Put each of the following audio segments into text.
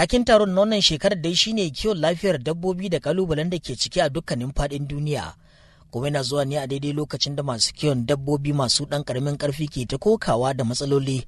Takin taron na wannan shekarar dai shine kiwon lafiyar dabbobi da kalubalen da ke ciki a dukkanin fadin duniya. Kuma yana zuwa ne a daidai lokacin da masu kiwon dabbobi masu ɗan ƙaramin ƙarfi ke ta kokawa da matsaloli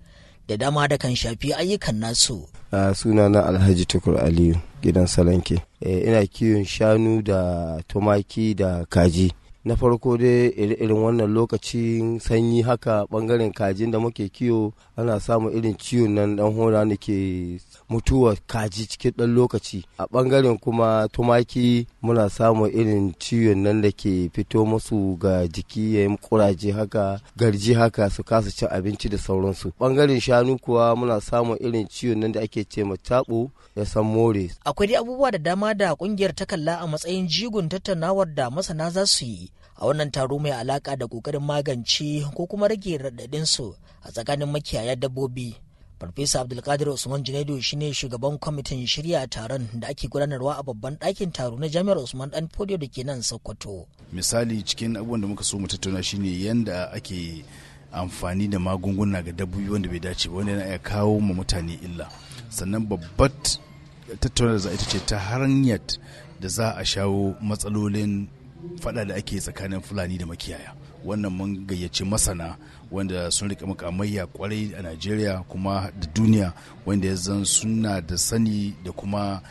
da dama da kan shafi ayyukan nasu. Suna sunana Alhaji Tukur Aliyu gidan Salanke. Eh, ina kiwon shanu da tumaki da kaji. na farko dai irin wannan lokacin sanyi haka bangaren kajin da muke kiwo, ana samun irin ciwon nan dan hora da ke mutuwa kaji cikin dan lokaci a bangaren kuma tumaki muna samun irin ciwon nan da ke fito musu ga jiki ya yi kuraje haka garji haka su kasa cin abinci da sauransu bangaren shanu kuwa muna samun irin ciwon nan da ake ce ma tabo ya san more akwai dai abubuwa da dama da kungiyar ta kalla a matsayin jigon tattaunawar da masana za su yi a wannan taro mai alaka da kokarin magance ko kuma rage raɗaɗin su a tsakanin makiyaya dabbobi farfesa abdulkadir usman junaidu shine shugaban kwamitin shirya taron da ake gudanarwa a babban ɗakin taro na jami'ar usman dan podio da ke nan sokoto misali cikin abubuwan da muka so mu tattauna shine yanda ake amfani da magunguna ga dabbobi wanda bai dace ba wanda yana iya kawo ma mutane illa sannan babbat tattauna da za ita ce ta hanyar da za a shawo matsalolin faɗa da ake tsakanin fulani da makiyaya wannan mun gayyaci masana wanda sun rika makamaiya kwarai a najeriya kuma da duniya wanda ya zan suna da sani da kuma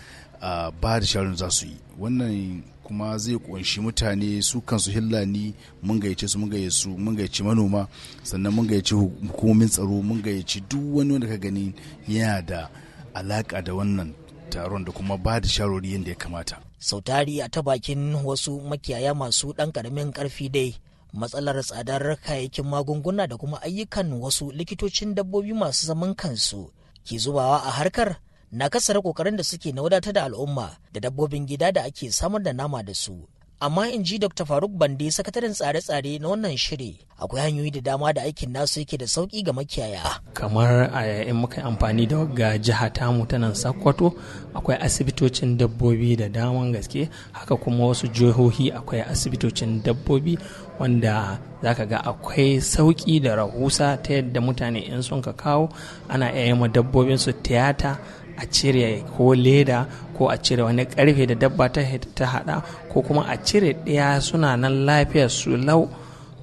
ba da sharon za su yi wannan kuma zai kunshi mutane su kansu hillani mun gayyace su mun gayyace mun gayyaci manoma sannan mun gayyaci hukumomin tsaro mun gayyaci duk wani wanda ka gani yana da alaka da wannan taron da kuma ba da sharori yadda ya kamata. Sautari a ta bakin wasu makiyaya masu ɗan ƙaramin ƙarfi dai matsalar tsadar kayayyakin magunguna da kuma ayyukan wasu likitocin dabbobi masu zaman kansu ke zubawa a harkar na kasar ƙoƙarin da suke na wadatar da al'umma da dabbobin gida da ake samar da nama da su. amma in ji dr faruk bande sakataren tsare-tsare na wannan shiri akwai hanyoyi da dama da aikin nasu yake da sauki ga makiyaya kamar a eh, in muka yi amfani da ga jiha tamu ta nan sakkwato akwai asibitocin dabbobi da daman gaske haka kuma wasu jihohi akwai asibitocin dabbobi wanda zaka ga akwai sauki da rahusa ta yadda mutane in sun ka kawo ana iya yi dabbobin su tiyata a cire ko leda ko a cire wani karfe da dabba ta hada ko kuma a cire ɗaya suna nan lafiya su lau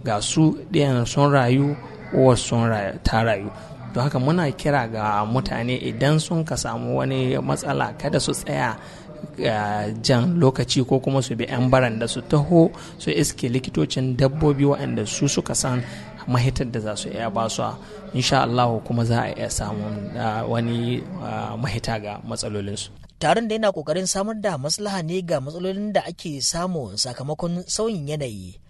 ga su ɗayan sun rayu uwar sun ta rayu don haka muna kira ga mutane idan sun ka samu wani matsala kada su tsaya jan lokaci ko kuma su bi 'yan da su taho su iske likitocin dabbobi waɗanda su suka san mahitar da za su iya ba su insha Allah kuma za a iya samun ah, wani ah, mahita ga matsalolinsu taron da yana kokarin samar da maslaha ne ga matsalolin da ake samu sakamakon sauyin yanayi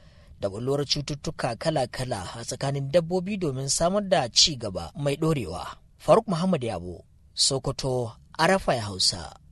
da bulwar cututtuka kala-kala a tsakanin dabbobi domin samar da ci gaba mai ɗorewa faruk muhammad yabo sokoto arafa ya hausa